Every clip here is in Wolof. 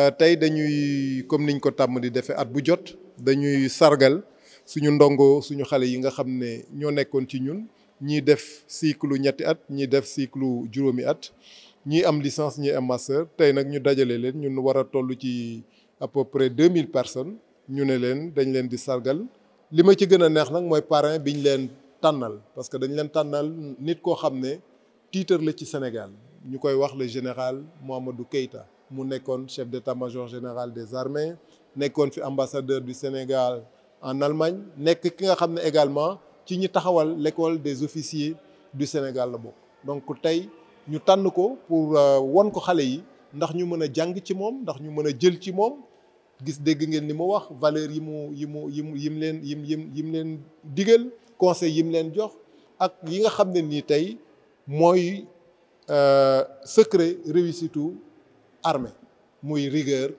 Euh, tey dañuy comme niñ ko tàmm di defee at bu jot dañuy sargal suñu ndongo suñu xale yi nga xam ne ñoo nekkoon ci ñun ñii def cycle ñetti at ñii def cycle juróomi at ñii am licence ñii am master tey nag ñu dajale leen ñun war a toll ci à peu deux mille personnes ñu ne leen dañ leen di sargal li ma ci gën a neex nag mooy parrain biñ leen tànnal parce que dañ leen tànnal nit koo xam ne tiitar la ci Sénégal ñu koy wax le général du Keïta mu suis chef d'état-major général des armées Je suis ambassadeur du Sénégal en Allemagne Je ki également l'école des officiers du Sénégal donc tey ñu nous pour euh, won ko ndax ñu mëna jang ci mom ndax ñu mëna jël ci mom gis dégg ngeen wax valeur yi conseil yi mu jox ak yi nga euh, secret armée. muy rigueur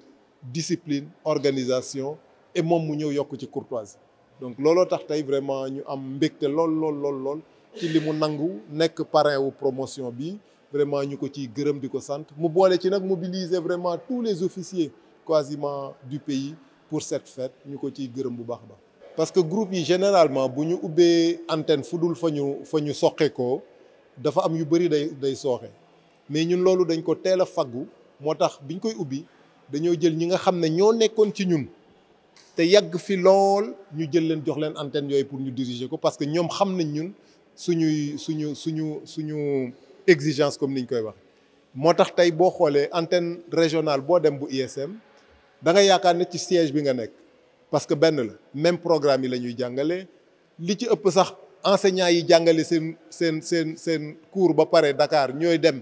discipline organisation et moom mu ñëw yokk ci courtoisie donc looloo tax tey vraiment ñu am mbégte lool lool lool lool ci li mu nangu nekk parrain ou promotion bi vraiment ñu ko ciy gërëm di ko sant mu boole ci nag mobiliser vraiment tous les officiers quasiment du pays pour cette fête ñu ko ciy gërëm bu baax ba parce que groupe yi généralement bu ñu ubbee antenne fu dul fa ñu fa ñu soqe ko dafa am yu bëri day day sooxe mais ñun loolu dañ ko teel a moo tax biñ koy ubbi dañoo jël ñi nga xam ne ñoo nekkoon ci ñun te yàgg fi lool ñu jël leen jox leen antenne yooyu pour ñu diriger ko parce que ñoom xam nañ ñun suñuy suñu suñu suñu exigence comme ni niñ koy wax moo tax tey boo xoolee antenne régionale boo dem bu ISM da nga yaakaar ne ci siège bi nga nekk parce que benn la même programme yi la ñuy jàngale li ci ëpp sax enseignants yi jàngale seen seen seen seen cours ba pare dakaar ñooy dem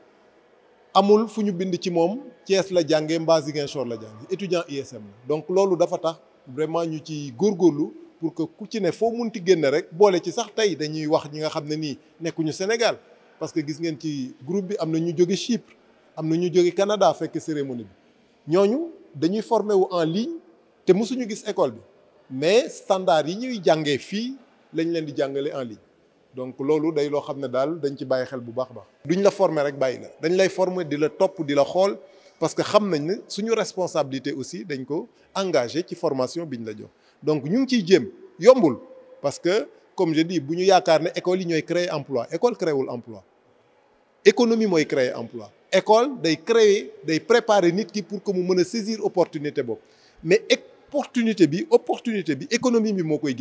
amul fu ñu bind ci moom Thiès la jànge mbaa Ziguinchor la jàngee étudiant ISM la donc loolu dafa tax vraiment ñu ci góorgóorlu pour que ku ci ne foo munti génne rek boole ci sax tey dañuy wax ñi nga xam ne nii nekkuñu Sénégal parce que gis ngeen ci groupe bi am na ñu jóge Chypre am na ñu jóge Canada fekk cérémonie bi ñooñu dañuy formé wu en ligne te mësuñu gis école bi mais standard yi ñuy jàngee fii lañ leen di jàngale en ligne donc loolu day loo xam ne daal dañ ci bàyyi xel bu baax baax duñ la former rek bàyyi la dañ lay former di top topp di la xool parce que xam nañ ne suñu responsabilité aussi dañ ko engagé ci formation biñ la jox donc ñu ngi ciy jéem yombul parce que comme je dis bu ñu école yi ñooy créer emploi école créewul emploi économie mooy créer emploi école day créer day préparer nit ki pour que mu mën saisir opportunité boobu mais opportunité bi opportunité bi économie bi moo koy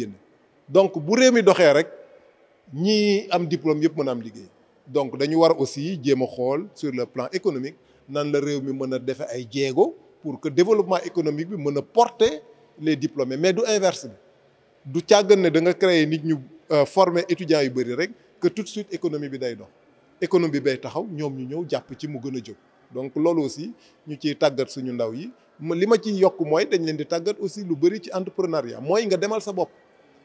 donc bu réew mi rek ni am diplôme yëpp mëna am liggéey donc dañu war aussi jéem a xool sur le plan économique nan la réew mi mën a defe ay jéego pour que développement économique bi mën a porter les diplômés mais du inverse bi du càggan ne da nga créer nit ñu euh, former étudiants yu bëri rek que tout de suite économie bi day dox économie bi bay taxaw ñoom ñu ñëw jàpp ci mu gën a jóg donc loolu aussi ñu ciy tàggat suñu ndaw yi li ma ci yokk mooy dañ leen di tàggat aussi lu bëri ci entrepreneuriat mooy nga demal sa bopp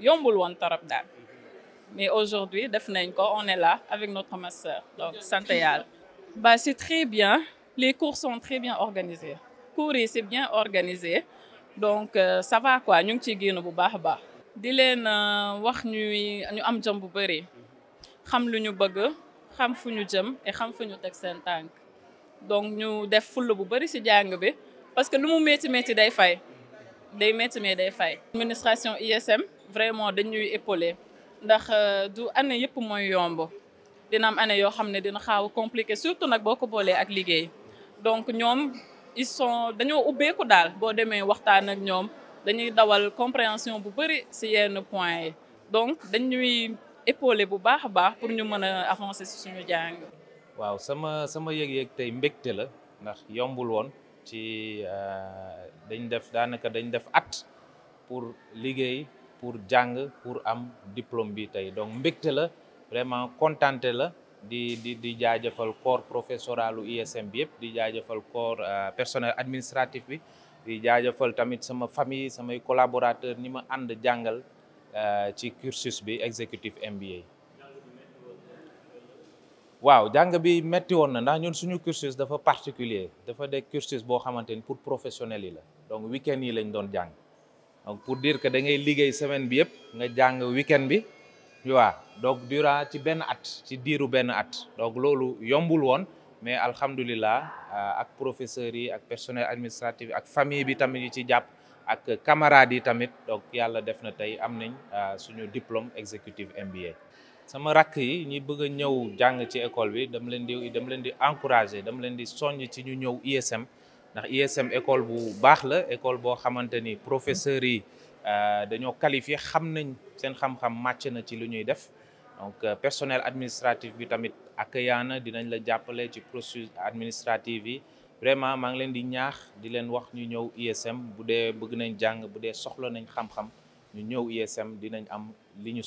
yombul mais aujourd'hui on est là avec notre masseur donc bah très bien les cours sont très bien organisés cours c'est bien organisé donc euh, ça va quoi ñu ci bu baax a di len euh, wax ñuy am jëm bu xam bëgg et xam donc ñu def bu ci parce que mu day fay day mais day fay. administration ISM vraiment dañuy épauler ndax euh, du année yépp moy yombo, dina am année compliqué surtout donc ils sont dañoo ko waxtaan dañuy dawal compréhension bu bari sur yenn points donc dañuy épauler bu baax pour ñu avancer suñu waaw sama sama la ndax yombul ci euh, pour pour jàng pour am diplôme bi tey donc mbégte la vraiment kontante la di di di jaajëfal corps professoralu ISM bi yëpp di jaajëfal corps euh, personnel administratif bi di jaajëfal tamit sama famille samay collaborateur ni ma ànd jàngal euh, ci cursus bi exécutif MBA waaw jàng bi metti woon na ndax ñun suñu cursus dafa particulier dafa de cursus boo xamante ni pour professionnels yi la donc week-end yi lañ doon jàng donc pour dire que da ngay semaine bi yépp nga jàng weekend bi tu vois donc durant ci benn at ci diiru benn donc loolu yombul woon mais alhamdulillah ah, ak professeur yi ak personnel administratif ak famille bi tamit ñu ci jàpp ak camarade yi tamit donc yàlla def na tey am nañ ah, suñu diplôme exécutif MBA. sama rakk yi ñi bëgg a ñëw jàng ci école bi dama leen di dama leen di encourager dama leen di soññ ci ISM ndax ISM e ekol bu baax ekol école boo xamante ni professeurs yi euh, dañoo qualifié xam nañ seen xam-xam na ci lu ñuy def donc euh, personnel administratif bi tamit accueillant na dinañ la jàppale ci processus administratif yi vraiment maa ngi di ñaax di leen wax ñu ñëw ISM e bu dee bëgg nañ jàng bu dee soxla nañ xam-xam ñu ñëw ISM e dinañ am li ñu